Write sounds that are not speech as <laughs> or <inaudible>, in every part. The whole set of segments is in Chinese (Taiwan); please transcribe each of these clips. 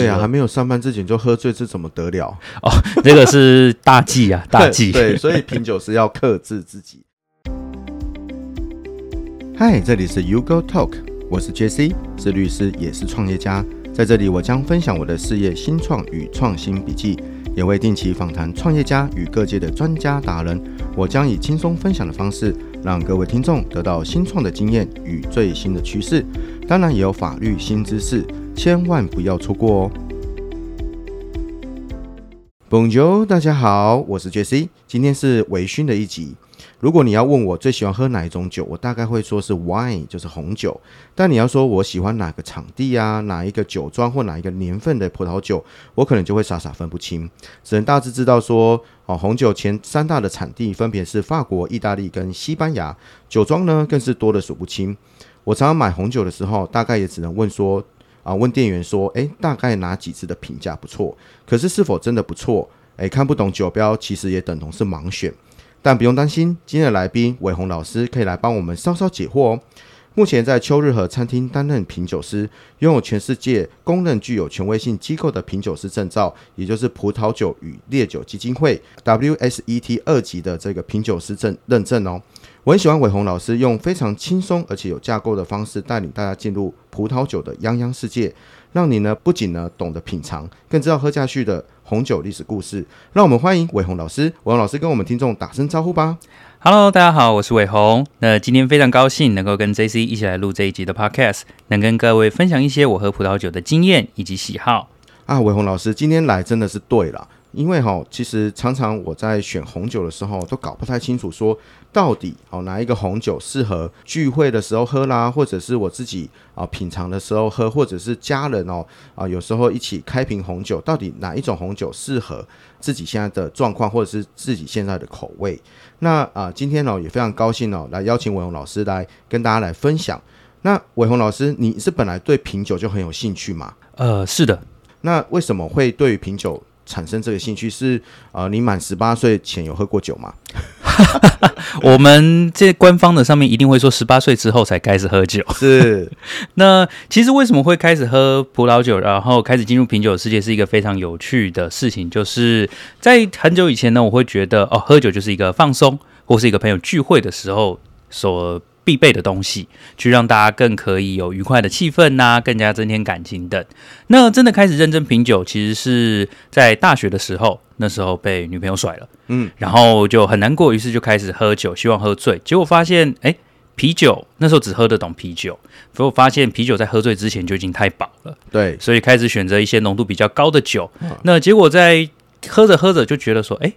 對啊，的還沒有上班之前就喝醉，這怎麼得了？哦，那、這個是大忌啊， <laughs> 大忌。 <laughs> 對，所以品酒是要克制自己。嗨， <laughs> 這裡是 U Go Talk，我是 JC，是律師，也是創業家。在這裡，我將分享我的事業新創與創新筆記，也會定期訪談創業家與各界的專家達人。我將以輕鬆分享的方式，讓各位聽眾得到新創的經驗與最新的趨勢，當然也有法律新知識。千萬不要錯過哦！Bonjour，大家好，我是 Jesse，今天是微醺的一集。如果你要問我最喜歡喝哪一種酒，我大概會說是 wine，就是紅酒。但你要說我喜歡哪個場地啊，哪一個酒莊或哪一個年份的葡萄酒，我可能就會傻傻分不清，只能大致知道說，哦，紅酒前三大的產地分別是法國、意大利跟西班牙，酒莊呢更是多得數不清。我常常買紅酒的時候，大概也只能問說，啊，問店員說，誒、欸、大概哪幾支的評價不錯？可是是否真的不錯？誒、欸、看不懂酒標，其實也等同是盲選。但不用擔心，今天的來賓煒閎老師可以來幫我們稍稍解惑哦。目前在秋日和餐廳擔任品酒師，擁有全世界公認具有權威性機構的品酒師證照，也就是葡萄酒與烈酒基金會 WSET 二級的這個品酒師證認證哦。我很喜歡煒閎老師用非常輕鬆而且有架構的方式帶領大家進入葡萄酒的泱泱世界，讓你呢不僅呢懂得品嘗，更知道喝下去的紅酒歷史故事。讓我們歡迎煒閎老師，煒閎老師跟我們聽眾打聲招呼吧。Hello，大家好，我是煒閎。那今天非常高興能夠跟 JC 一起來錄這一集的 Podcast，能跟各位分享一些我喝葡萄酒的經驗以及喜好。啊，煒閎老師今天來真的是對了。因為哈，其實常常我在選紅酒的時候都搞不太清楚，說到底哦，哪一個紅酒適合聚會的時候喝啦，或者是我自己啊品嚐的時候喝，或者是家人哦啊有時候一起開瓶紅酒，到底哪一種紅酒適合自己現在的狀況，或者是自己現在的口味？那啊，今天呢也非常高興哦，來邀請煒閎老師來跟大家來分享。那煒閎老師，你是本來對品酒就很有興趣嗎？呃，是的。那為什麼會對於品酒？產生這個興趣是啊、呃，你滿十八歲前有喝過酒嗎？我們這官方的上面一定會說十八歲之後才開始喝酒。是， <laughs> 那其實為什麼會開始喝葡萄酒，然後開始進入品酒世界，是一個非常有趣的事情。就是在很久以前呢，我會覺得哦，喝酒就是一個放鬆，或是一個朋友聚會的時候所。必備的東西，去讓大家更可以有愉快的氣氛吶、啊，更加增添感情等。那真的開始認真品酒，其實是在大學的時候，那時候被女朋友甩了，嗯，然後就很難過，於是就開始喝酒，希望喝醉。結果發現，誒、欸，啤酒那時候只喝得懂啤酒，所以我發現啤酒在喝醉之前就已經太飽了，對，所以開始選擇一些濃度比較高的酒。那結果在喝着喝着就覺得說，誒、欸。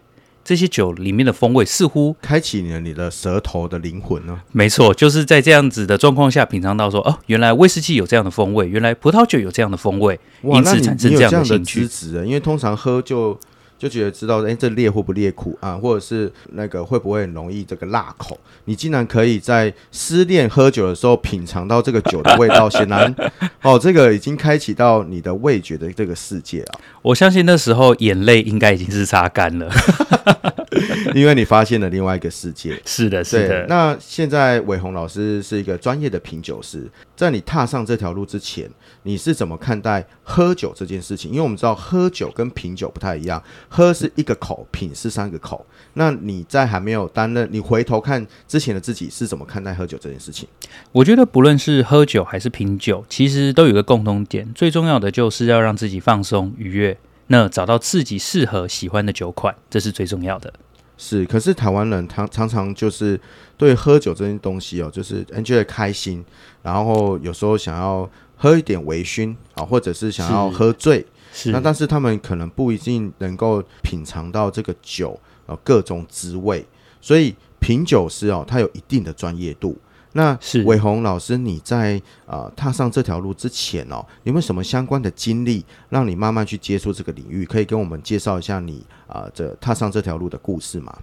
這些酒裡面的風味似乎開啟了你的舌頭的靈魂呢、啊。沒錯，就是在這樣子的狀況下品嚐到說哦，原來威士忌有這樣的風味，原來葡萄酒有這樣的風味，哇因此產生這樣的興趣啊？因為通常喝就。就覺得知道，哎、欸，這烈或不烈苦啊，或者是那個會不會很容易這個辣口？你竟然可以在失戀喝酒的時候品嘗到這個酒的味道，顯然，哦，這個已經開啟到你的味覺的這個世界了。我相信那時候眼淚應該已經是擦乾了。 <laughs> <laughs> 因為你發現了另外一個世界，是的，是的，是的。那現在煒閎老師是一個專業的品酒師，在你踏上這條路之前，你是怎麼看待喝酒這件事情？因為我們知道喝酒跟品酒不太一樣，喝是一個口，品是三個口。那你在還沒有擔任，你回頭看之前的自己是怎麼看待喝酒這件事情？我覺得不論是喝酒還是品酒，其實都有一個共同點，最重要的就是要讓自己放鬆愉悅。那找到自己適合喜歡的酒款，這是最重要的。是，可是台灣人他常常就是對喝酒這件東西哦，就是 enjoy 開心，然後有時候想要喝一點微醺啊，哦，或者是想要喝醉，是那但是他們可能不一定能夠品嘗到這個酒呃、哦、各種滋味，所以品酒師哦，他有一定的專業度。那是煒閎老師，你在啊、呃、踏上這條路之前哦，你有沒有什麼相關的經歷，讓你慢慢去接觸這個領域？可以跟我們介紹一下你啊、呃、這踏上這條路的故事嗎？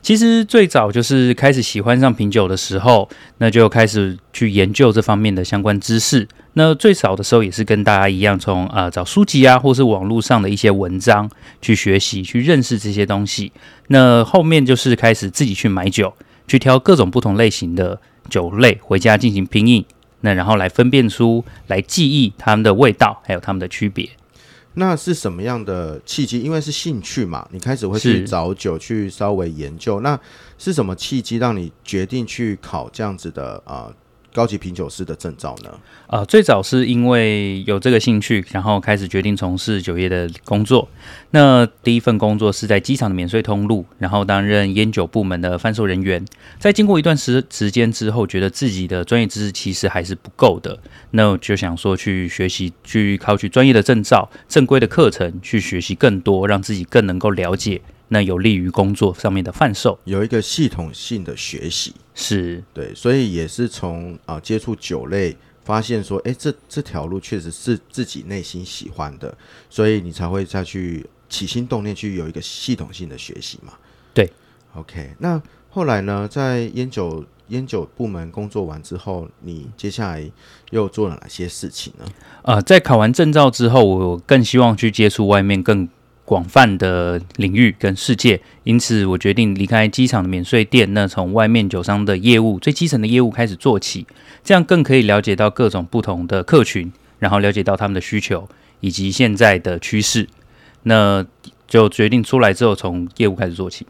其實最早就是開始喜歡上品酒的時候，那就開始去研究這方面的相關知識。那最早的時候也是跟大家一樣，從、呃、啊找書籍啊，或是網絡上的一些文章去學習、去認識這些東西。那後面就是開始自己去買酒。去挑各種不同類型的酒類回家進行品飲。那然後來分辨出來，記憶它們的味道，還有它們的區別。那是什麼樣的契機？因為是興趣嘛，你開始會去找酒去稍微研究。是。那是什麼契機讓你決定去考這樣子的啊？呃高級品酒師的證照呢？呃、啊，最早是因為有這個興趣，然後開始決定從事酒業的工作。那第一份工作是在機場的免稅通路，然後擔任菸酒部門的販售人員。在經過一段時時間之後，覺得自己的專業知識其實還是不夠的，那我就想說去學習，去考取專業的證照，正規的課程去學習更多，讓自己更能夠了解。那有利於工作上面的販售，有一個系統性的學習是對，所以也是從啊、呃、接觸酒類，發現說，誒、欸，這這條路確實是自己內心喜歡的，所以你才會再去起心動念去有一個系統性的學習嘛。對，OK，那後來呢，在煙酒煙酒部門工作完之後，你接下來又做了哪些事情呢？啊、呃，在考完證照之後，我更希望去接觸外面更廣泛的領域跟世界，因此我決定離開機場的免稅店，那從外面酒商的業務，最基層的業務開始做起，這樣更可以了解到各種不同的客群，然後了解到他們的需求以及現在的趨勢，那就決定出來之後從業務開始做起。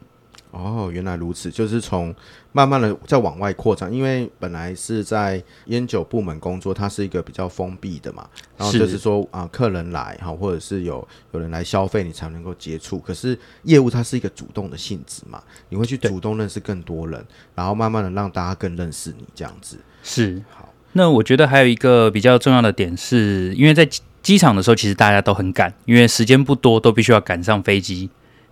哦，原來如此，就是從慢慢的在往外擴張，因為本來是在菸酒部門工作，它是一個比較封閉的嘛，然後就是說啊是、呃，客人來哈，或者是有有人來消費，你才能夠接觸。可是業務它是一個主動的性質嘛，你會去主動認識更多人，對然後慢慢的讓大家更認識你這樣子。是好，那我覺得還有一個比較重要的點是，因為在機場的時候，其實大家都很趕，因為時間不多，都必須要趕上飛機。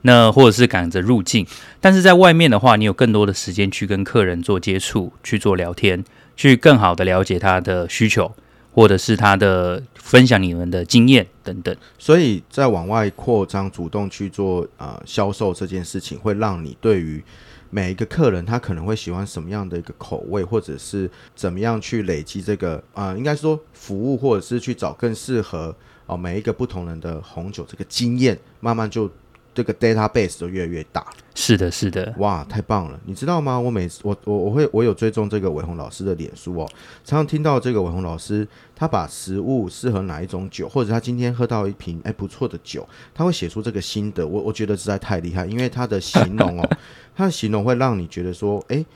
那或者是趕着入境，但是在外面的話，你有更多的時間去跟客人做接觸，去做聊天，去更好的了解他的需求，或者是他的分享你們的經驗等等。所以，在往外擴張、主動去做呃銷售這件事情，會讓你對於每一個客人，他可能會喜歡什麼樣的一個口味，或者是怎麼樣去累積這個啊、呃，應該是說服務，或者是去找更適合哦、呃、每一個不同人的紅酒這個經驗，慢慢就。這個 database 都越來越大。是的，是的，哇，太棒了！你知道嗎？我每次我我我會我有追蹤這個煒閎老師的臉書哦，常常聽到這個煒閎老師他把食物適合哪一種酒，或者他今天喝到一瓶哎不錯的酒，他會寫出這個心得。我我覺得實在太厲害，因為他的形容哦， <laughs> 他的形容會讓你覺得說，哎、欸，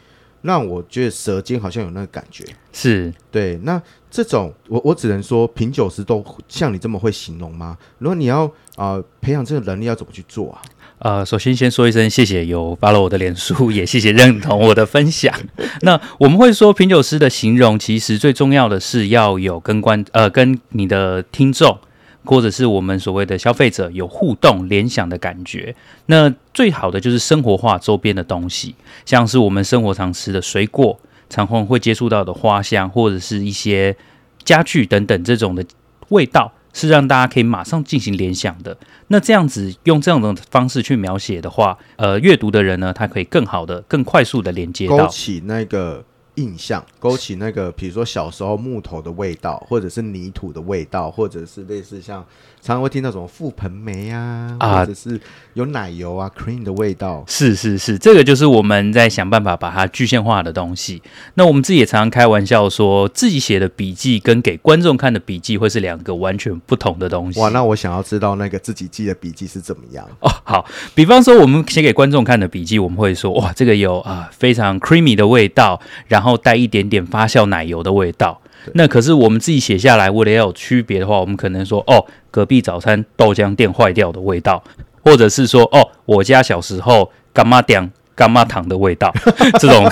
讓我覺得舌尖好像有那個感覺。是，對，那這種我我只能說品酒師都像你這麼會形容嗎？如果你要。啊、呃，培養這個能力要怎麼去做啊？呃，首先先說一聲謝謝，有 follow 我的臉書，也謝謝認同我的分享。 <laughs> 那我們會說品酒師的形容，其實最重要的是要有跟觀，呃，跟你的聽眾，或者是我們所謂的消費者有互動聯想的感覺。那最好的就是生活化周邊的東西，像是我們生活常吃的水果，常常會接觸到的花香，或者是一些家具等等這種的味道。是讓大家可以馬上進行聯想的。那這樣子用這樣的方式去描寫的話，呃，閱讀的人呢，他可以更好的、更快速的連接到勾起那個。印象勾起那個，比如說小時候木頭的味道，或者是泥土的味道，或者是類似像常常會聽到什麼覆盆莓啊，啊，或者是有奶油啊 cream 的味道。是是是，這個就是我們在想辦法把它具象化的東西。那我們自己也常常開玩笑說自己寫的筆記跟給觀眾看的筆記會是兩個完全不同的東西。哇，那我想要知道那個自己記的筆記是怎麼樣？哦，好，比方說我們寫給觀眾看的筆記，我們會說哇，這個有啊、呃、非常 creamy 的味道，然後。然後帶一點點發酵奶油的味道，對那可是我們自己寫下來，為了要有區別的話，我們可能說哦，隔壁早餐豆漿店壞掉的味道，或者是說哦，我家小時候乾媽點干媽糖的味道， <laughs> 這種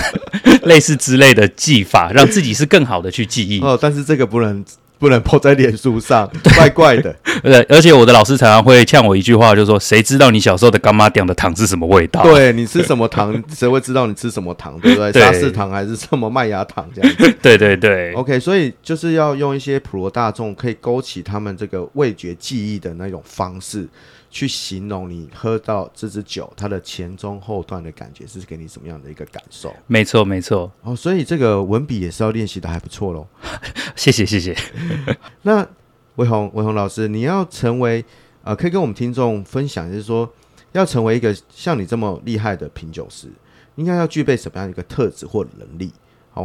類似之類的記法， <laughs> 讓自己是更好的去記憶。哦，但是這個不能。不能 po 在臉書上，對怪怪的。而且，而且我的老師常常會嗆我一句話，就說：“誰知道你小時候的柑仔店的糖是什麼味道？”對，你吃什麼糖， <laughs> 誰會知道你吃什麼糖，對不對？對沙士糖還是什麼麥芽糖這樣子？對對對。OK，所以就是要用一些普羅大眾可以勾起他們這個味覺記憶的那種方式。去形容你喝到這支酒，它的前中後段的感覺是給你什麼樣的一個感受？沒錯，沒錯。哦，所以這個文筆也是要練習的還不錯咯。 <laughs> 謝謝，謝謝。 <laughs> 那煒閎，煒閎老師，你要成為啊、呃，可以跟我們聽眾分享，就是說要成為一個像你這麼厲害的品酒師，應該要具備什麼樣一個特質或能力？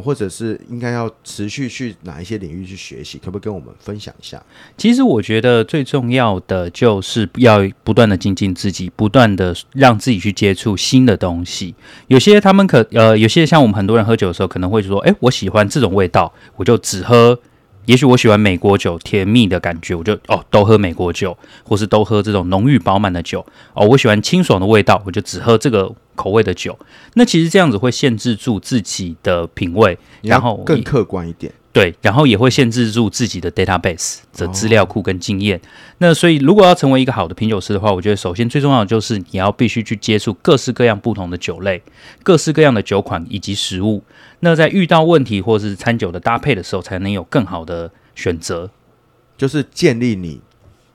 或者是應該要持續去哪一些領域去學習，可不可以跟我們分享一下？其實我覺得最重要的就是要不斷的精進自己，不斷的讓自己去接觸新的東西。有些他們可呃，有些像我們很多人喝酒的時候，可能會說，誒、欸，我喜歡這種味道，我就只喝。也許我喜歡美國酒，甜蜜的感覺，我就哦都喝美國酒，或是都喝這種濃郁飽滿的酒。哦，我喜歡清爽的味道，我就只喝這個。口味的酒，那其實這樣子會限制住自己的品味，然後更客觀一點。對，然後也會限制住自己的 database 的資料庫跟經驗。哦。那所以，如果要成為一個好的品酒師的話，我覺得首先最重要的就是你要必須去接觸各式各樣不同的酒類、各式各樣的酒款以及食物。那在遇到問題或是餐酒的搭配的時候，才能有更好的選擇，就是建立你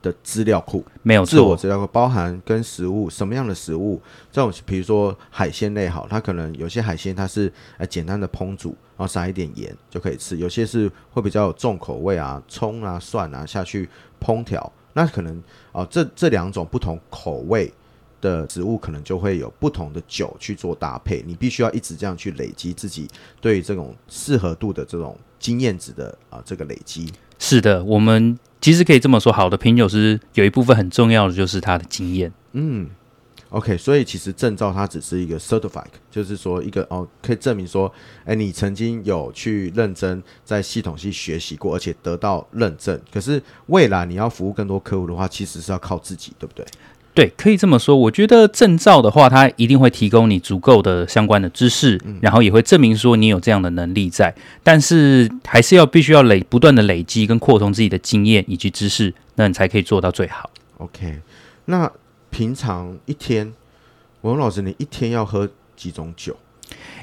的資料庫沒有自我資料庫包含跟食物，什麼樣的食物，這種比如說海鮮類好，它可能有些海鮮它是呃簡單的烹煮，然後撒一點鹽就可以吃，有些是會比較有重口味啊，蔥啊蒜啊下去烹調，那可能啊、呃，這這兩種不同口味的食物，可能就會有不同的酒去做搭配，你必須要一直這樣去累積自己對於這種適合度的這種經驗值的啊、呃、這個累積。是的，我們。其實可以這麼說，好的品酒師有一部分很重要的就是他的經驗。嗯，OK，所以其實證照它只是一個 certificate，就是說一個哦，可以證明說，哎，你曾經有去認真在系統去學習過，而且得到認證。可是未來你要服務更多客戶的話，其實是要靠自己，對不對？對，可以這麼說。我覺得證照的話，它一定會提供你足夠的相關的知識，嗯、然後也會證明說你有這樣的能力在。但是還是要必須要累不斷的累積跟擴充自己的經驗以及知識，那你才可以做到最好。OK，那平常一天，煒閎老師你一天要喝幾種酒？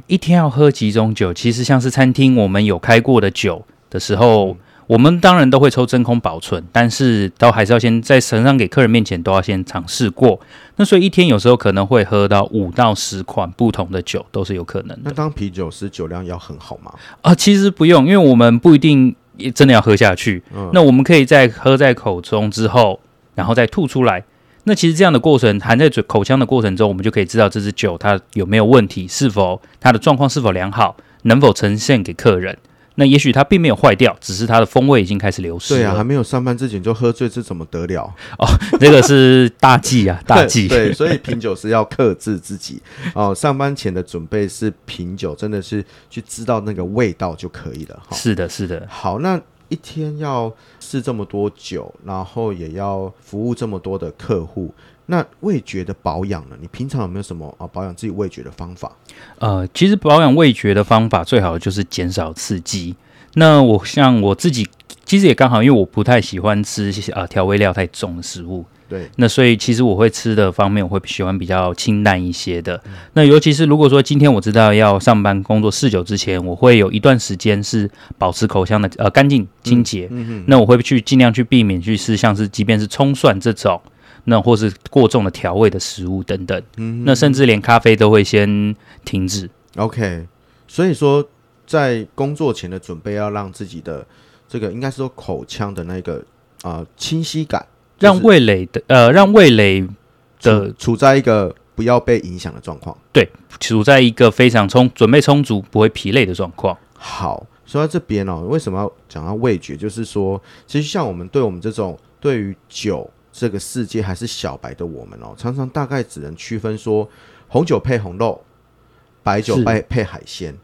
一天要喝幾種酒？其實像是餐廳我們有開過的酒的時候。嗯我們當然都會抽真空保存，但是都還是要先在呈上給客人面前都要先嘗試過。那所以一天有時候可能會喝到五到十款不同的酒都是有可能的。那當侍酒師酒量要很好嗎？啊、呃，其實不用，因為我們不一定真的要喝下去。嗯、那我們可以在喝在口中之後，然後再吐出來。那其實這樣的過程含在嘴口腔的過程中，我們就可以知道這支酒它有沒有問題，是否它的狀況是否良好，能否呈現給客人。那也許它並沒有壞掉，只是它的風味已經開始流失。對啊，還沒有上班之前就喝醉，這怎麼得了？哦，oh, 這個是大忌啊， <laughs> 大忌對。對，所以品酒是要克制自己。 <laughs> 哦，上班前的準備是品酒，真的是去知道那個味道就可以了。哦、是的是的，是的。好，那一天要試這麼多酒，然後也要服務這麼多的客戶。那味覺的保養呢？你平常有沒有什麼啊保養自己味覺的方法？呃，其實保養味覺的方法最好就是減少刺激。那我像我自己，其實也剛好，因為我不太喜歡吃啊調、呃、調味料太重的食物。對。那所以其實我會吃的方面，我會喜歡比較清淡一些的。嗯、那尤其是如果說今天我知道要上班工作侍酒之前，我會有一段時間是保持口腔的呃乾淨清潔、嗯。嗯嗯。那我會去盡量去避免去吃像是即便是蔥蒜這種。那或是過重的調味的食物等等，嗯、哼那甚至連咖啡都會先停止。嗯、OK，所以說在工作前的準備要讓自己的這個應該是說口腔的那個啊、呃、清晰感、就是讓呃，讓味蕾的呃讓味蕾的處在一個不要被影響的狀況，對，處在一個非常充準備充足不會疲累的狀況。好，說到這邊哦，為什麼要講到味覺？就是說，其實像我們對我們這種對於酒。這個世界還是小白的我們哦，常常大概只能區分說，紅酒配紅肉，白酒配配海鮮。是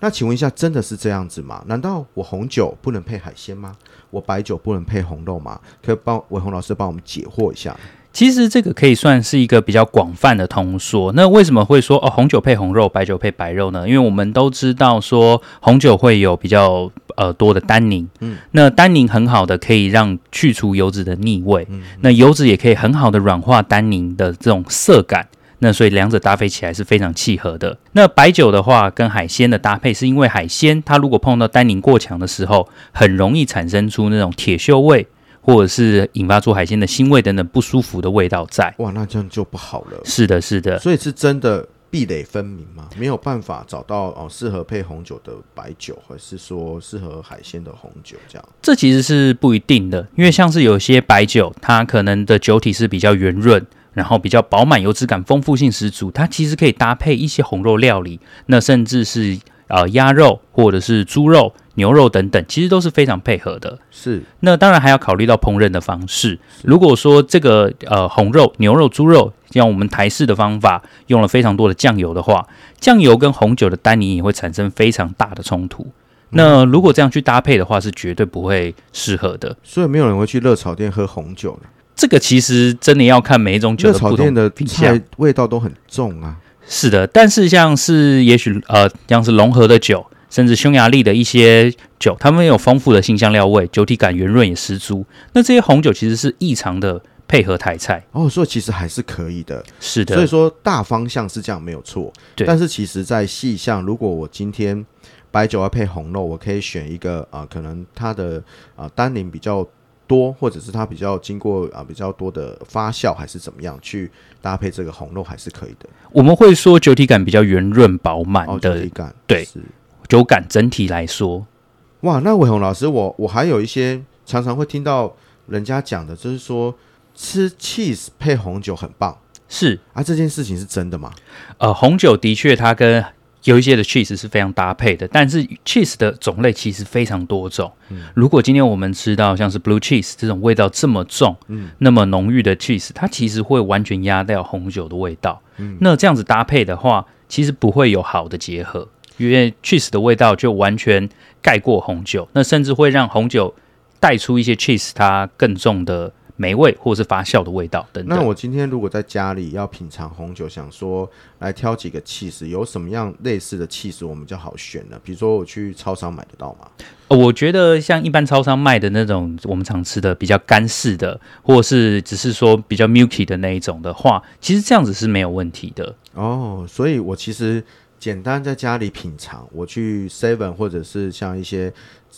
那請問一下，真的是這樣子嗎？難道我紅酒不能配海鮮嗎？我白酒不能配紅肉嗎？可以幫煒閎老師幫我們解惑一下。其實這個可以算是一個比較廣泛的通說。那為什麼會說哦，紅酒配紅肉，白酒配白肉呢？因為我們都知道說，紅酒會有比較呃多的單寧，嗯，那單寧很好的可以讓去除油脂的膩味，嗯，那油脂也可以很好的軟化單寧的這種澀感。那所以兩者搭配起來是非常契合的。那白酒的話跟海鮮的搭配，是因為海鮮它如果碰到單寧過強的時候，很容易產生出那種鐵鏽味。或者是引發出海鮮的腥味等等不舒服的味道在，哇，那這樣就不好了。是的，是的，是的，所以是真的壁壘分明嗎？沒有辦法找到哦適合配紅酒的白酒，還是說適合海鮮的紅酒？這樣，這其實是不一定的，因為像是有些白酒，它可能的酒體是比較圓潤，然後比較飽滿、油脂感豐富性十足，它其實可以搭配一些紅肉料理，那甚至是呃鴨肉或者是豬肉。牛肉等等，其實都是非常配合的。是，那當然還要考慮到烹飪的方式。如果說這個呃紅肉、牛肉、豬肉，像我們台式的方法，用了非常多的醬油的話，醬油跟紅酒的單寧也會產生非常大的衝突。嗯，那如果這樣去搭配的話，是絕對不會適合的。所以沒有人會去熱炒店喝紅酒的。這個其實真的要看每一種酒的不同。熱炒店的菜味道都很重啊。是的，但是像是也許呃像是融合的酒。甚至匈牙利的一些酒，它們有豐富的辛香，香料味，酒體感圓潤也十足。那這些紅酒其實是異常的配合台菜哦，所以其實還是可以的。是的，所以說大方向是這樣沒有錯。對。但是其實在細項，如果我今天白酒要配紅肉，我可以選一個啊、呃，可能它的啊、呃、單寧比較多，或者是它比較經過啊、呃、比較多的發酵，還是怎麼樣去搭配這個紅肉還是可以的。我們會說酒體感比較圓潤飽滿的，哦、對。酒感整體來說，哇，那煒閎老師，我我還有一些常常會聽到人家講的，就是說吃 cheese 配紅酒很棒，是啊，這件事情是真的嗎？呃，紅酒的確它跟有一些的 cheese 是非常搭配的，但是 cheese 的種類其實非常多種。嗯，如果今天我們吃到像是 blue cheese 這種味道這麼重，嗯，那麼濃郁的 cheese，它其實會完全壓掉紅酒的味道。嗯，那這樣子搭配的話，其實不會有好的結合。因為 cheese 的味道就完全蓋過紅酒，那甚至會讓紅酒帶出一些 cheese 它更重的霉味，或者是發酵的味道等等。那我今天如果在家裡要品嚐紅酒，想說來挑幾個 cheese，有什麼樣類似的 cheese 我們就好選了。比如說我去超商買得到嗎？哦，我覺得像一般超商賣的那種我們常吃的比較乾式的，或者是只是說比較 milky 的那一種的話，其實這樣子是沒有問題的。哦，所以我其實。簡單在家裡品嚐，我去 Seven 或者是像一些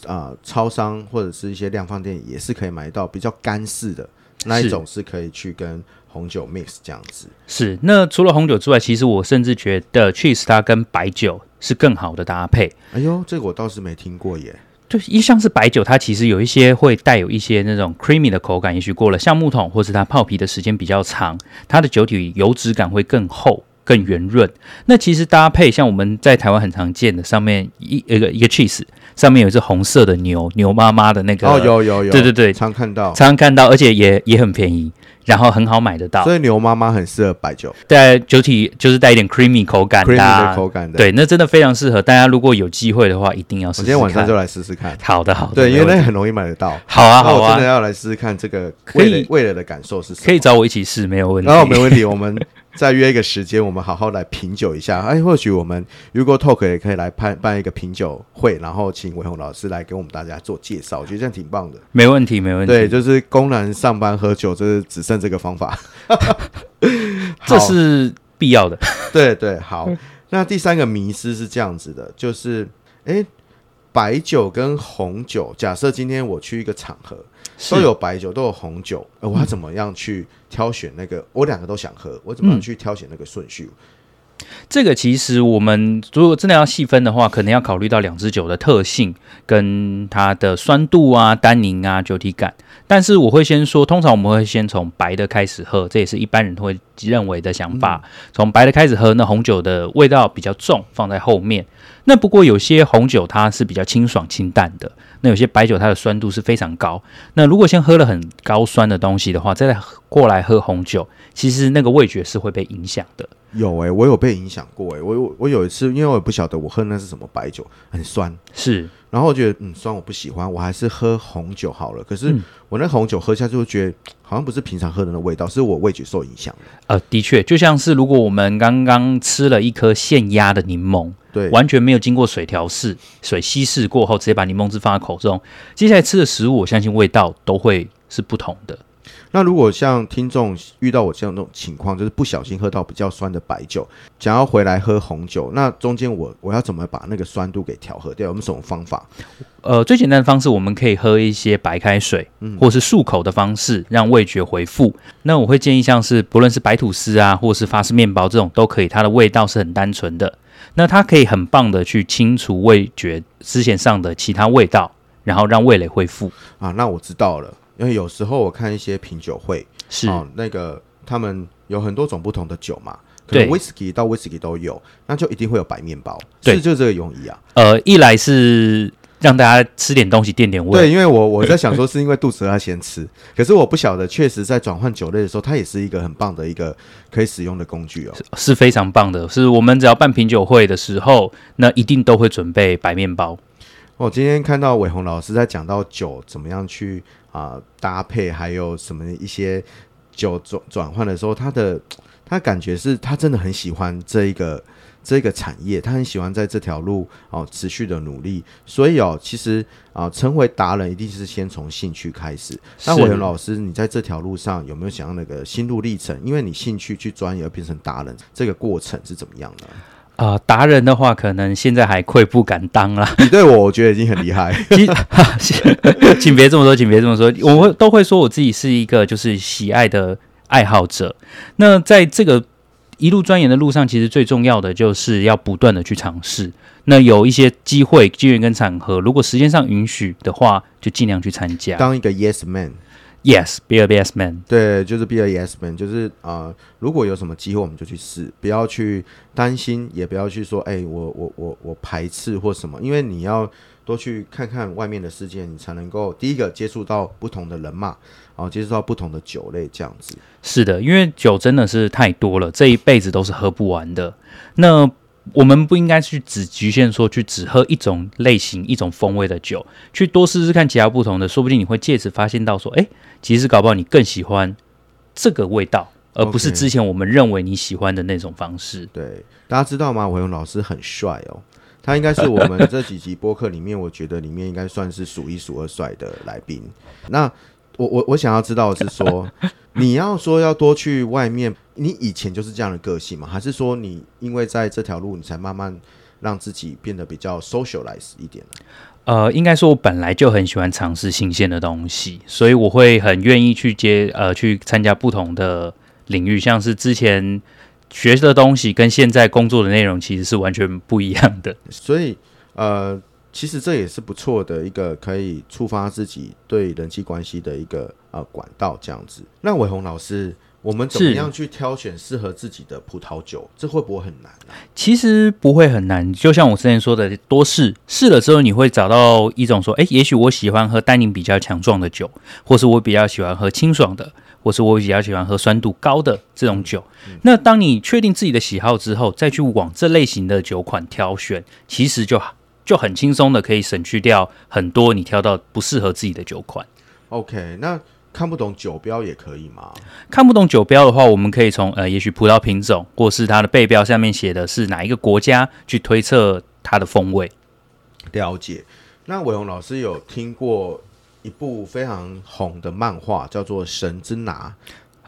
啊、呃、超商或者是一些量販店也是可以買到比較乾式的那一種，是可以去跟紅酒 mix 這樣子。是，那除了紅酒之外，其實我甚至覺得 cheese 它跟白酒是更好的搭配。哎呦，這個我倒是沒聽過耶。就一向是白酒，它其實有一些會帶有一些那種 creamy 的口感，也許過了橡木桶，或者是它泡皮的時間比較長，它的酒體油脂感會更厚。更圓潤。那其實搭配像我們在台灣很常見的上面一一個一個 cheese，上面有一只紅色的牛牛媽媽的那個哦，有有有，有對對對，常看到，常看到，而且也也很便宜，然後很好買得到。所以牛媽媽很適合白酒，帶酒體就是帶一點 creamy 口感口感的、啊，的感對,對，那真的非常適合大家。如果有機會的話，一定要試,試。我今天晚上就來試試看。好的,好的，好，對，因為那很容易買得到。好啊,好啊，好啊，我真的要來試試看這個可以。煒閎的感受是什麼。可以找我一起試，沒有問題。哦，沒問題，我們。 <laughs> 再約一個時間，我們好好來品酒一下。哎，或許我們如果 talk 也可以來辦辦一個品酒會，然後請煒閎老師來給我們大家做介紹，我覺得這樣挺棒的。沒問題，沒問題。對，就是公然上班喝酒，就是只剩這個方法。 <laughs> 好這是必要的。 <laughs> 對，對對，好。那第三個迷思是這樣子的，就是哎、欸，白酒跟紅酒，假設今天我去一個場合。都有白酒，是都有紅酒，我要怎麼樣去挑選那個？嗯、我兩個都想喝，我怎麼樣去挑選那個順序、嗯？這個其實我們如果真的要細分的話，可能要考慮到兩支酒的特性跟它的酸度啊、單寧啊、酒體感。但是我會先說，通常我們會先從白的開始喝，這也是一般人會認為的想法。從、嗯、白的開始喝，那紅酒的味道比較重，放在後面。那不過有些紅酒它是比較清爽清淡的，那有些白酒它的酸度是非常高。那如果先喝了很高酸的東西的話，再過來喝紅酒，其實那個味覺是會被影響的。有哎、欸，我有被影響過哎、欸，我我，我有一次，因為我也不曉得我喝那是什麼白酒，很酸，是，然後我覺得嗯，酸，我不喜歡，我還是喝紅酒好了。可是我那紅酒喝下去就覺得、嗯、好像不是平常喝的那種味道，是我味覺受影響。呃，的確，就像是如果我們剛剛吃了一顆現壓的檸檬。對，完全沒有經過水調試，水稀釋過後，直接把檸檬汁放在口中，接下來吃的食物，我相信味道都會是不同的。那如果像聽眾遇到我這樣那種情況，就是不小心喝到比較酸的白酒，想要回來喝紅酒，那中間我我要怎麼把那個酸度給調和掉？有沒有什麼方法？呃，最簡單的方式，我們可以喝一些白開水，嗯，或是漱口的方式，讓味覺恢復。嗯，那我會建議像是不論是白吐司啊，或是法式麵包這種都可以，它的味道是很單純的，那它可以很棒的去清除味覺絲線上的其他味道，然後讓味蕾恢復。啊，那我知道了。因為有時候我看一些品酒會，是、哦、那個他們有很多種不同的酒嘛，可能威士忌到威士忌都有，那就一定會有白麵包。對，是是就這個用意啊，呃，一來是讓大家吃點東西墊點胃。對，因為我我在想說是因為肚子要先吃， <laughs> 可是我不曉得確實在轉換酒類的時候，它也是一個很棒的一個可以使用的工具哦，是，是非常棒的。是我們只要辦品酒會的時候，那一定都會準備白麵包。我、哦、今天看到煒閎老師在講到酒怎麼樣去。啊、呃，搭配還有什麼一些酒轉轉換的時候，他的他的感覺是他真的很喜歡這一個這個產業，他很喜歡在這條路哦、呃、持續的努力。所以哦，其實啊、呃，成為達人一定是先從興趣開始。是那煒閎老師，你在這條路上有沒有想要那個心路歷程？因為你興趣去鑽研而變成達人，這個過程是怎麼樣的？啊，達人的話，可能現在還愧不敢當啦。你對我，我覺得已經很厲害。 <laughs> 啊、請別這麼說，請別這麼說，的我都會說我自己是一個就是喜愛的愛好者。那在這個一路鑽研的路上，其實最重要的就是要不斷的去嘗試。那有一些機會、機緣跟場合，如果時間上允許的話，就盡量去參加，當一個 yes man。Yes, be a yes man。對，就是 be a yes man，就是啊、呃，如果有什麼機會，我們就去試，不要去擔心，也不要去說，哎、欸，我我我我排斥或什麼，因為你要多去看看外面的世界，你才能夠第一個接觸到不同的人嘛，然後接觸到不同的酒類，這樣子。是的，因為酒真的是太多了，這一輩子都是喝不完的。那我們不應該去只局限說去只喝一種類型、一種風味的酒，去多試試看其他不同的，說不定你會借此發現到說，誒、欸，其實搞不好你更喜歡這個味道，而不是之前我們認為你喜歡的那種方式。Okay. 對，大家知道嗎？煒閎老師很帥哦，他應該是我們這幾集播客裡面， <laughs> 我覺得裡面應該算是數一數二帥的來賓。那。我我我想要知道的是說，你要說要多去外面，你以前就是這樣的個性嗎？還是說你因為在這條路，你才慢慢讓自己變得比較 socialize 一點呢？啊？呃，應該說，我本來就很喜歡嘗試新鮮的東西，所以我會很願意去接呃，去參加不同的領域，像是之前學的東西跟現在工作的內容其實是完全不一樣的，所以呃。其實這也是不錯的一個可以觸發自己對人際關係的一個呃管道，這樣子。那煒閎老師，我們怎麼樣去挑選適合自己的葡萄酒？是這會不會很難啊？其實不會很難，就像我之前說的，多試試了之後，你會找到一種說，誒，也許我喜歡喝單寧比較強壯的酒，或是我比較喜歡喝清爽的，或是我比較喜歡喝酸度高的這種酒。嗯。那當你確定自己的喜好之後，再去往這類型的酒款挑選，其實就好。就很輕鬆的可以省去掉很多你挑到不適合自己的酒款。OK，那看不懂酒標也可以嗎？看不懂酒標的話，我們可以從呃，也許葡萄品種，或是它的背標下面寫的是哪一個國家，去推測它的風味。了解。那煒閎老師有聽過一部非常紅的漫畫，叫做《神之雫》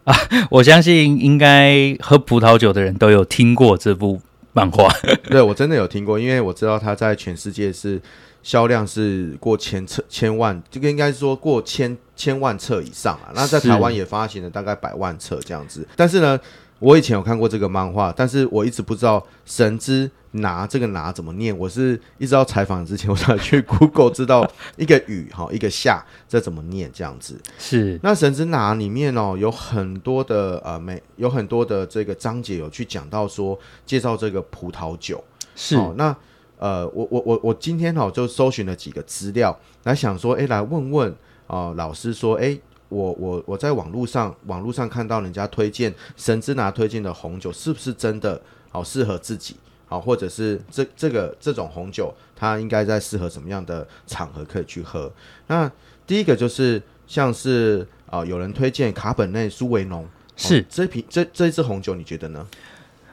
啊，我相信應該喝葡萄酒的人都有聽過這部。漫畫，對，我真的有聽過，因為我知道它在全世界是銷量是過千冊千萬，這個應該說過千千萬冊以上啊。那在台灣也發行了大概百萬冊這樣子，是但是呢。我以前有看過這個漫畫，但是我一直不知道《神之雫》這個雫怎麼念。我是一直到採訪之前我才去 Google 知道一個雨哈 <laughs> 一個下這怎麼念這樣子。是，那《神之雫》裡面哦有很多的呃，沒有很多的這個章節有去講到說介紹這個葡萄酒。是，哦、那呃，我我我我今天哈、哦、就搜尋了幾個資料來想說，誒、欸，來問問啊、呃、老師說，誒、欸。我我我在網路上網路上看到人家推薦神之拿推薦的紅酒，是不是真的好、哦、適合自己？好、哦，或者是這這個這種紅酒，它應該在適合什麼樣的場合可以去喝？那第一個就是像是啊、哦，有人推薦卡本內蘇維農，是、哦、這一瓶這這一支紅酒，你覺得呢？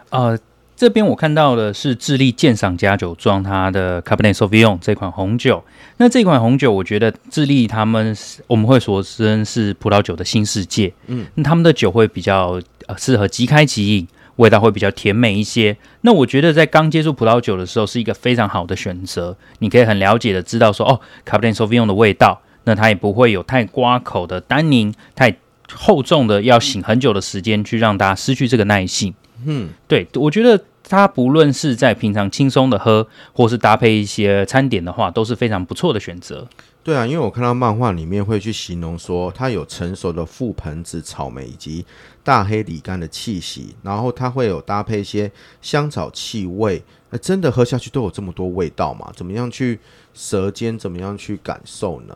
呃、uh。這邊我看到的是智利鑑賞家酒莊，它的 Cabernet Sauvignon 這款紅酒。那這款紅酒，我覺得智利他們我們會說是葡萄酒的新世界。嗯，那他們的酒會比較、呃、適合即開即飲，味道會比較甜美一些。那我覺得在剛接觸葡萄酒的時候，是一個非常好的選擇。你可以很了解的知道說，哦，Cabernet Sauvignon 的味道，那它也不會有太刮口的單寧，太厚重的，要醒很久的時間去讓大家失去這個耐性。嗯，對，我覺得它不論是在平常輕鬆的喝，或是搭配一些餐點的話，都是非常不錯的選擇。對啊，因為我看到漫畫裡面會去形容說，它有成熟的覆盆子、草莓以及大黑李乾的氣息，然後它會有搭配一些香草氣味。那真的喝下去都有這麼多味道嘛？怎麼樣去舌尖？怎麼樣去感受呢？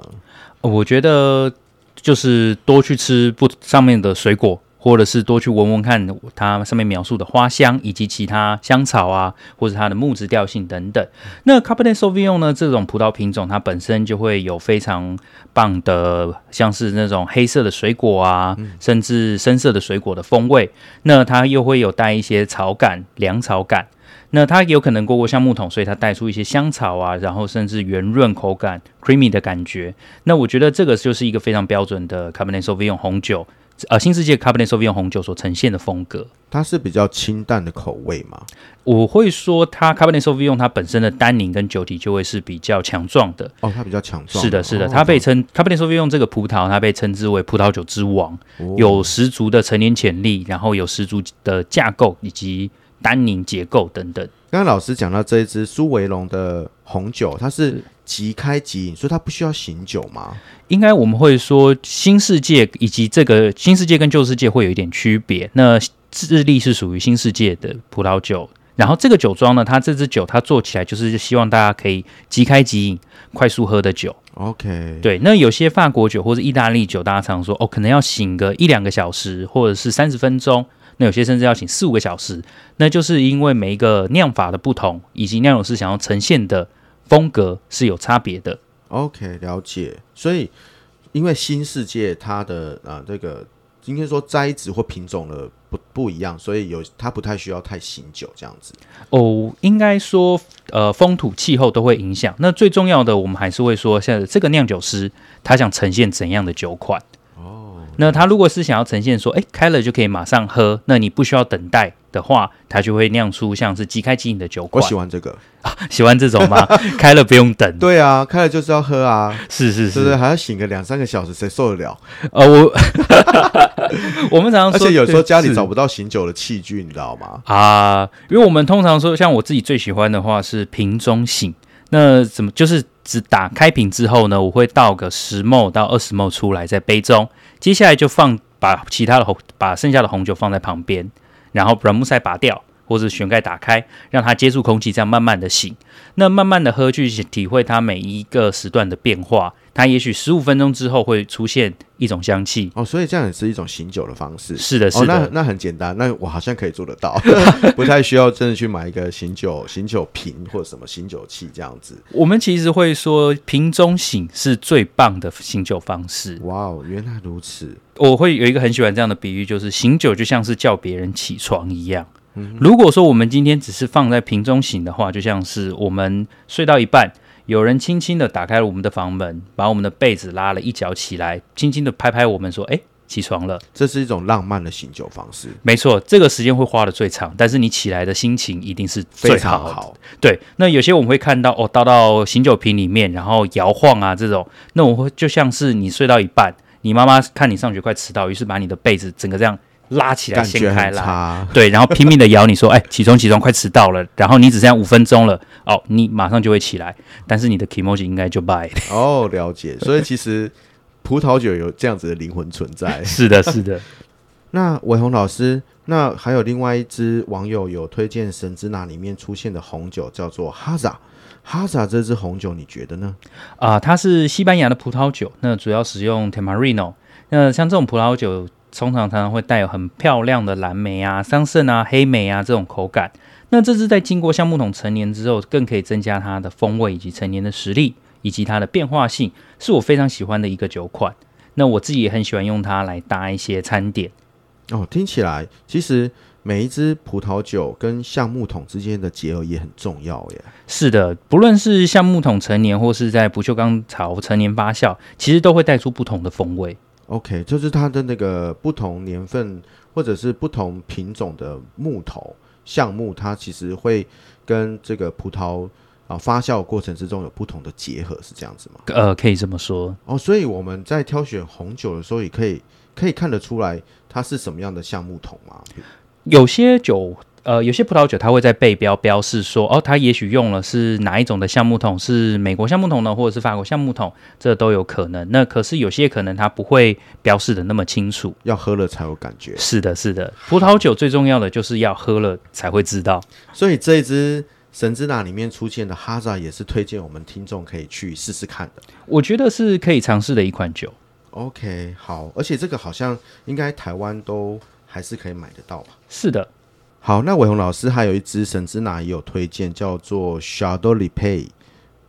我覺得就是多去吃不上面的水果。或者是多去聞聞看它上面描述的花香以及其他香草啊，或者它的木質調性等等。那 Cabernet Sauvignon 呢？這種葡萄品種它本身就會有非常棒的，像是那種黑色的水果啊，嗯、甚至深色的水果的風味。那它又會有帶一些草感、涼草感。那它有可能過過橡木桶，所以它帶出一些香草啊，然後甚至圓潤口感、creamy 的感覺。那我覺得這個就是一個非常標準的 Cabernet Sauvignon 紅酒。呃，新世界 Cabernet Sauvignon 紅酒所呈現的風格，它是比較清淡的口味嗎？我會說，它 Cabernet Sauvignon 它本身的單寧跟酒體就會是比較強壯的。哦，它比較強壯，是的,是的，是的、哦。它被稱 Cabernet Sauvignon 這個葡萄，它被稱之為葡萄酒之王，哦、有十足的陳年潛力，然後有十足的架構以及。丹寧結構等等。剛剛老師講到這一支蘇維翁的紅酒，它是即開即飲，所以它不需要醒酒嗎？應該我們會說新世界以及這個新世界跟舊世界會有一點區別。那智利是屬於新世界的葡萄酒，然後這個酒莊呢，它這支酒它做起來就是希望大家可以即開即飲，快速喝的酒。OK，對。那有些法國酒或者意大利酒，大家常常說哦，可能要醒個一兩個小時，或者是三十分鐘。那有些甚至要醒四五個小時，那就是因為每一個釀法的不同，以及釀酒師想要呈現的風格是有差別的。OK，了解。所以，因為新世界它的啊、呃、這個，今天說栽植或品種的不不一樣，所以有它不太需要太醒酒這樣子。哦、oh，應該說呃，風土氣候都會影響。那最重要的，我們還是會說，現在這個釀酒師他想呈現怎樣的酒款。那他如果是想要呈現說，哎、欸，開了就可以馬上喝，那你不需要等待的話，他就會釀出像是即開即飲的酒。我喜歡這個、啊、喜歡這種嗎？ <laughs> 開了不用等。對啊，開了就是要喝啊。是是是對對對，還要醒個兩三個小時，誰受得了？呃，我 <laughs> <laughs> 我們常常說，而且有時候家裡找不到醒酒的器具，是你知道嗎？啊、呃，因為我們通常說，像我自己最喜歡的話是瓶中醒。那怎麼就是？只打開瓶之後呢，我會倒個十毫升到二十毫升出來在杯中，接下來就放把其他的紅，把剩下的紅酒放在旁邊，然後把木塞拔掉。或者旋蓋打開，讓它接觸空氣，這樣慢慢的醒。那慢慢的喝去體會它每一個時段的變化。它也許十五分鐘之後會出現一種香氣哦，所以這樣也是一種醒酒的方式。是的，是的，是的，哦，那那很簡單，那我好像可以做得到， <laughs> <laughs> 不太需要真的去買一個醒酒醒酒瓶或什麼醒酒器這樣子。我們其實會說瓶中醒是最棒的醒酒方式。哇哦，原來如此。我會有一個很喜歡這樣的比喻，就是醒酒就像是叫別人起床一樣。如果說我們今天只是放在瓶中醒的話，就像是我們睡到一半，有人輕輕地打開了我們的房門，把我們的被子拉了一腳起來，輕輕地拍拍我們說：“誒，起床了。”這是一種浪漫的醒酒方式。沒錯，這個時間會花得最長，但是你起來的心情一定是最非常好。對，那有些我們會看到哦，倒到醒酒瓶裡面，然後搖晃啊這種，那我會就像是你睡到一半，你媽媽看你上學快遲到，於是把你的被子整個這樣。拉起來，掀開拉，啊、對，然後拼命的搖，你說， <laughs> 哎，起床，起床，快遲到了，然後你只剩下五分鐘了，哦，你馬上就會起來，但是你的 ki moji 應該就敗了哦，了解。所以其實葡萄酒有這樣子的靈魂存在， <laughs> 是的，是的，是的。 <laughs> 那煒閎老師，那還有另外一支網友有推薦《神之拿》裡面出現的紅酒叫做哈莎，哈莎這支紅酒你覺得呢？啊、呃，它是西班牙的葡萄酒，那主要使用 Tempranillo，那像這種葡萄酒。通常常常會帶有很漂亮的藍莓啊、桑葚啊、黑莓啊這種口感。那這支在經過橡木桶陳年之後，更可以增加它的風味以及陳年的實力，以及它的變化性，是我非常喜歡的一個酒款。那我自己也很喜歡用它來搭一些餐點。哦，聽起來其實每一支葡萄酒跟橡木桶之間的結合也很重要耶。是的，不論是橡木桶陳年，或是在不鏽鋼槽陳年發酵，其實都會帶出不同的風味。OK，就是它的那個不同年份或者是不同品種的木頭橡木，它其實會跟這個葡萄啊、呃、發酵過程之中有不同的結合，是這樣子嗎？呃，可以這麼說。哦，所以我們在挑選紅酒的時候，也可以可以看得出來它是什麼樣的橡木桶嗎？有些酒。呃，有些葡萄酒它會在背標標示說，哦，它也許用了是哪一種的橡木桶，是美國橡木桶呢，或者是法國橡木桶，這都有可能。那可是有些可能它不會標示的那麼清楚，要喝了才有感覺。是的，是的，葡萄酒最重要的就是要喝了才會知道。嗯。所以這一支神之那裡面出現的哈莎也是推薦我們聽眾可以去試試看的，我覺得是可以嘗試的一款酒。OK，好，而且這個好像應該台灣都還是可以買得到吧？是的。好，那煒閎老師還有一支神之拿也有推薦，叫做小多里佩，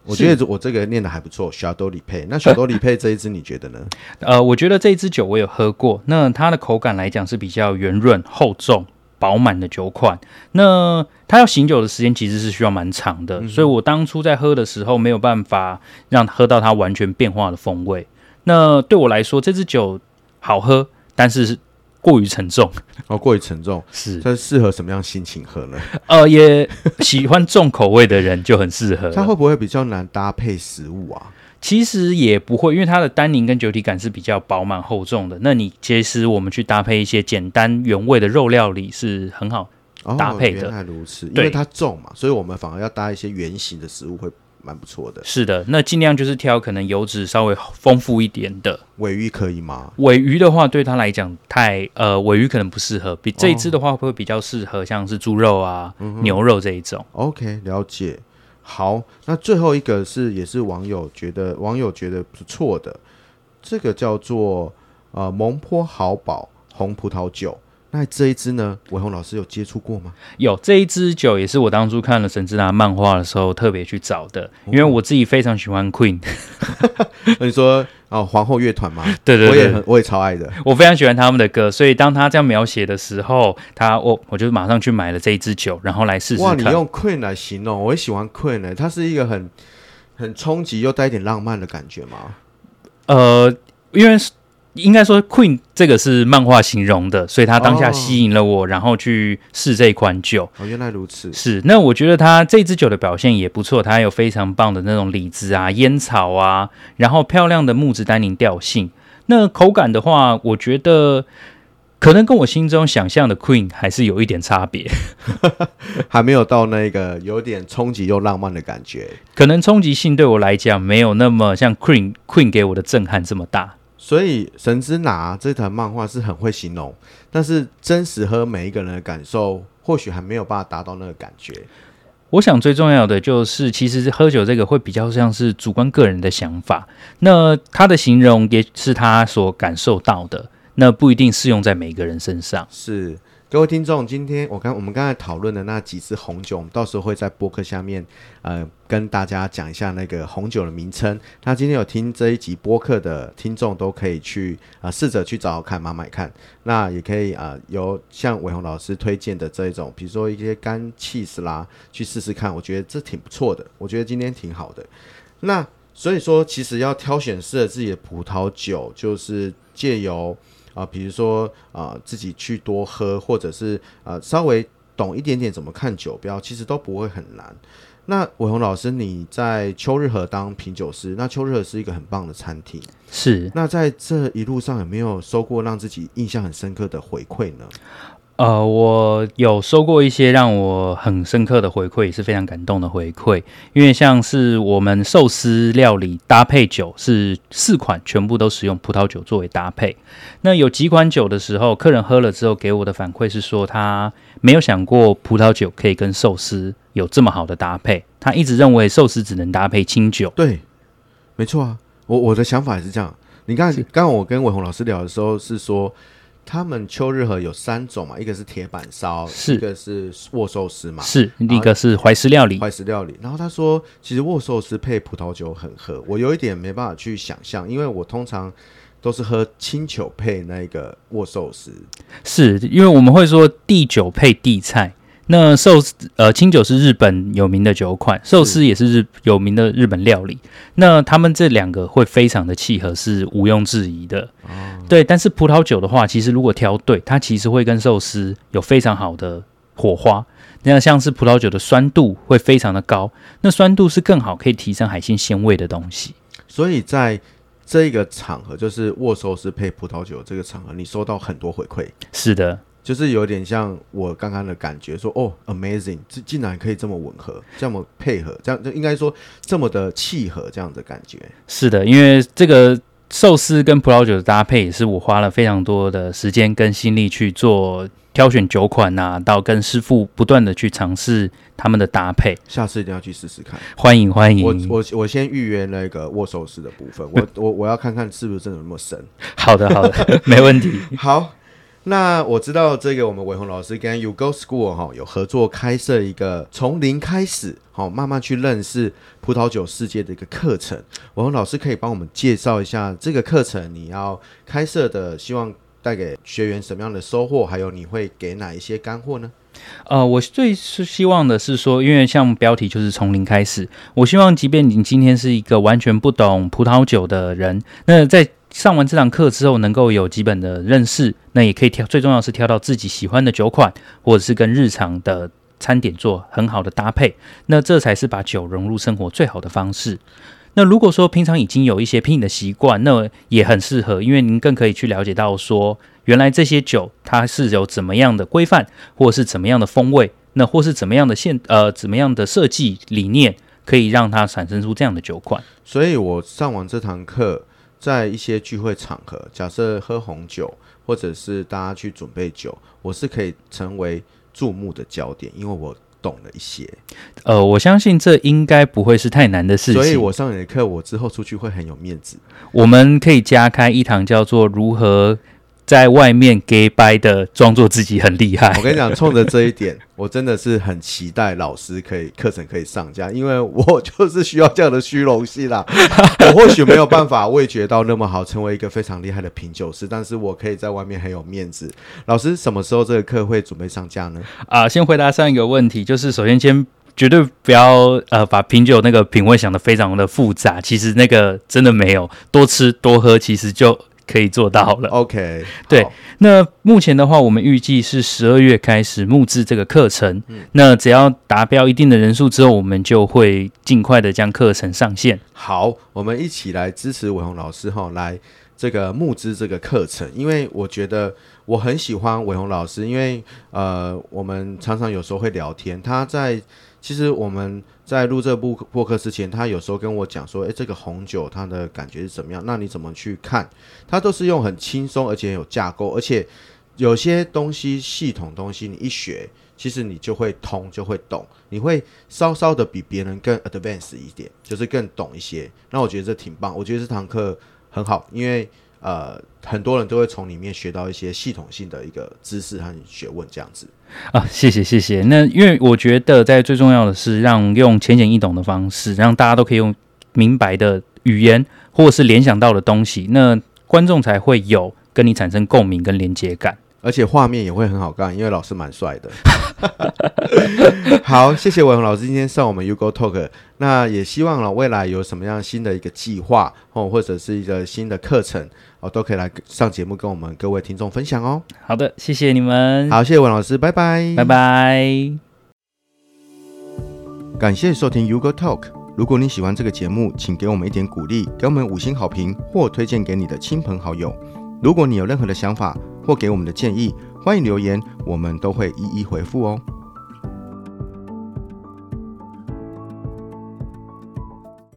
我覺得我這個念得還不錯。小多里佩，那小多、呃、里佩這一支你覺得呢？呃，我覺得這一支酒我有喝過，那它的口感來講是比較圓潤、厚重、飽滿的酒款。那它要醒酒的時間其實是需要蠻長的，嗯、哼所以我當初在喝的時候沒有辦法讓喝到它完全變化的風味。那對我來說，這支酒好喝，但是。過於沉重，哦，過於沉重，是它適合什麼樣心情喝呢？呃，也喜歡重口味的人就很適合。它 <laughs> 會不會比較難搭配食物啊？其實也不會，因為它的單寧跟酒體感是比較飽滿厚重的。那你其實我們去搭配一些簡單原味的肉料理是很好搭配的。哦，原來如此，對因為它重嘛，所以我們反而要搭一些圓形的食物會蠻不錯的，是的，那儘量就是挑可能油脂稍微豐富一點的鮪魚可以嗎？鮪魚的話，對他來講太呃，鮪魚可能不適合。比這一只的話，會比較適合像是豬肉啊、哦、嗯嗯牛肉這一種。OK，了解。好，那最後一個是也是網友覺得網友覺得不錯的，這個叫做呃蒙坡豪堡紅葡萄酒。那這一支呢？煒閎老師有接觸過嗎？有，這一支酒也是我當初看了神之雫漫畫的時候特別去找的，因為我自己非常喜歡 Queen。哦、 <laughs> 你說哦，皇後樂團嗎？ <laughs> 對對對，對我也，我也超愛的，我非常喜歡他們的歌。所以當他這樣描寫的時候，他我、哦、我就馬上去買了這一支酒，然後來試試。哇，你用 Queen 來形容，我也喜歡 Queen，、欸、它是一個很很衝擊又帶一點浪漫的感覺嗎？呃，因為是。應該說，Queen 這個是漫畫形容的，所以他當下吸引了我，哦、然後去試這款酒。哦，原來如此。是，那我覺得它這支酒的表現也不錯，它有非常棒的那種李子啊、菸草啊，然後漂亮的木質丹寧調性。那口感的話，我覺得可能跟我心中想象的 Queen 還是有一點差別， <laughs> 還沒有到那個有點衝擊又浪漫的感覺。可能衝擊性對我來講，沒有那麼像 Queen Queen 給我的震撼這麼大。所以《神之雫》這台漫畫是很會形容，但是真實和每一個人的感受，或許還沒有辦法達到那個感覺。我想最重要的就是，其實喝酒這個會比較像是主觀個人的想法，那他的形容也是他所感受到的，那不一定適用在每一個人身上。是。各位聽眾，今天我剛我們剛才討論的那幾支紅酒，我們到時候會在播客下面，呃，跟大家講一下那個紅酒的名稱。那今天有聽這一集播客的聽眾，都可以去啊、呃、試着去找找看買買看。那也可以啊、呃，由像煒閎老師推薦的這一種，比如說一些乾起司啦，去試試看。我覺得這挺不錯的，我覺得今天挺好的。那所以說，其實要挑選適合自己的葡萄酒，就是借由。啊、呃，比如說啊、呃，自己去多喝，或者是呃，稍微懂一點點怎麼看酒標，其實都不會很難。那煒閎老師，你在秋日和當品酒師，那秋日和是一個很棒的餐廳，是。那在這一路上有沒有收過讓自己印象很深刻的回饋呢？呃，我有收過一些讓我很深刻的回饋，也是非常感動的回饋。因為像是我們壽司料理搭配酒是四款，全部都使用葡萄酒作為搭配。那有幾款酒的時候，客人喝了之後給我的反饋是說，他沒有想過葡萄酒可以跟壽司有這麼好的搭配。他一直認為壽司只能搭配清酒。對，沒錯啊，我我的想法是這樣。你看，剛是剛我跟煒閎老師聊的時候是說。他們秋日和有三種嘛，一個是鐵板燒，是一個是握壽司嘛，是，一個是懷石料理。懷石料理。然後他說，其實握壽司配葡萄酒很合，我有一點沒辦法去想象，因為我通常都是喝清酒配那個握壽司，是因為我們會說地酒配地菜。那壽司呃，清酒是日本有名的酒款，壽司也是日是有名的日本料理。那他們這兩個會非常的契合，是毋庸置疑的。嗯、對，但是葡萄酒的話，其實如果挑對，它其實會跟壽司有非常好的火花。那像是葡萄酒的酸度會非常的高，那酸度是更好可以提升海鮮鮮味的東西。所以在這個場合，就是握壽司配葡萄酒這個場合，你收到很多回饋。是的。就是有點像我剛剛的感覺說，說哦，amazing，這竟然可以這麼吻合，這麼配合，這樣就應該說這麼的契合，這樣的感覺。是的，因為這個壽司跟葡萄酒的搭配，也是我花了非常多的時間跟心力去做挑選酒款啊，到跟師傅不斷的去嘗試他們的搭配。下次一定要去試試看歡。歡迎歡迎，我我我先預約那個握壽司的部分，我我我要看看是不是真的有那麼神。 <laughs> 好的好的，沒問題。 <laughs> 好。那我知道這個，我們煒閎老師跟 U Go School 哈有合作開設一個從零開始，好慢慢去認識葡萄酒世界的一個課程。煒閎老師可以幫我們介紹一下這個課程，你要開設的，希望帶給學員什麼樣的收穫，還有你會給哪一些乾貨呢？呃，我最是希望的是說，因為像標題就是從零開始，我希望即便你今天是一個完全不懂葡萄酒的人，那在上完這堂課之後，能夠有基本的認識，那也可以挑，最重要是挑到自己喜歡的酒款，或者是跟日常的餐點做很好的搭配，那這才是把酒融入生活最好的方式。那如果說平常已經有一些品飲的習慣，那也很適合，因為您更可以去了解到說，原來這些酒它是有怎麼樣的規範，或是怎麼樣的風味，那或是怎麼樣的現呃怎麼樣的設計理念，可以讓它產生出這樣的酒款。所以我上完這堂課。在一些聚會場合，假設喝紅酒，或者是大家去準備酒，我是可以成為注目的焦點，因為我懂了一些。呃，我相信這應該不會是太難的事情。所以我上你的課，我之後出去會很有面子。我們可以加開一堂叫做如何。在外面假掰的裝作自己很厲害，我跟你講，衝着這一點， <laughs> 我真的是很期待老師可以課程可以上架，因為我就是需要這樣的虛榮心啦。 <laughs> 我或許沒有辦法味覺到那麼好，成為一個非常厲害的品酒師，但是我可以在外面很有面子。老師什麼時候這個課會準備上架呢？啊、呃，先回答上一個問題，就是首先先絕對不要呃把品酒那個品味想得非常的複雜，其實那個真的沒有，多吃多喝其實就。可以做到了。嗯、OK。對，好那目前的話，我們預計是十二月開始募資這個課程。嗯、那只要達標一定的人數之後，我們就會儘快的將課程上線。好，我們一起來支持煒閎老師哈、哦，來這個募資這個課程，因為我覺得我很喜歡煒閎老師，因為呃，我們常常有時候會聊天，他在。其實我們在錄這部播客之前，他有時候跟我講說：“誒，這個紅酒它的感覺是怎麼樣？那你怎麼去看？”它都是用很輕鬆，而且有架構，而且有些東西系統東西，你一學，其實你就會通，就會懂，你會稍稍的比別人更 advanced 一點，就是更懂一些。那我覺得這挺棒，我覺得這堂課很好，因為。呃，很多人都會從裡面學到一些系統性的一個知識和學問，這樣子啊，謝謝謝謝。那因為我覺得在最重要的是讓用淺顯易懂的方式，讓大家都可以用明白的語言或是聯想到的東西，那觀眾才會有跟你產生共鳴跟連接感，而且畫面也會很好看，因為老師蠻帥的。 <laughs> <laughs> 好，謝謝煒閎老師今天上我們 U Go Talk，那也希望未來有什麼樣新的一個計劃、哦、或者是一個新的課程。哦，都可以來上節目跟我們各位聽眾分享哦。好的，謝謝你們。好，謝謝閎老師，拜拜，拜拜。感謝收聽 U Go TALK。如果你喜歡這個節目，請給我們一點鼓勵，給我們五星好評，或推薦給你的親朋好友。如果你有任何的想法或給我們的建議，歡迎留言，我們都會一一回復哦。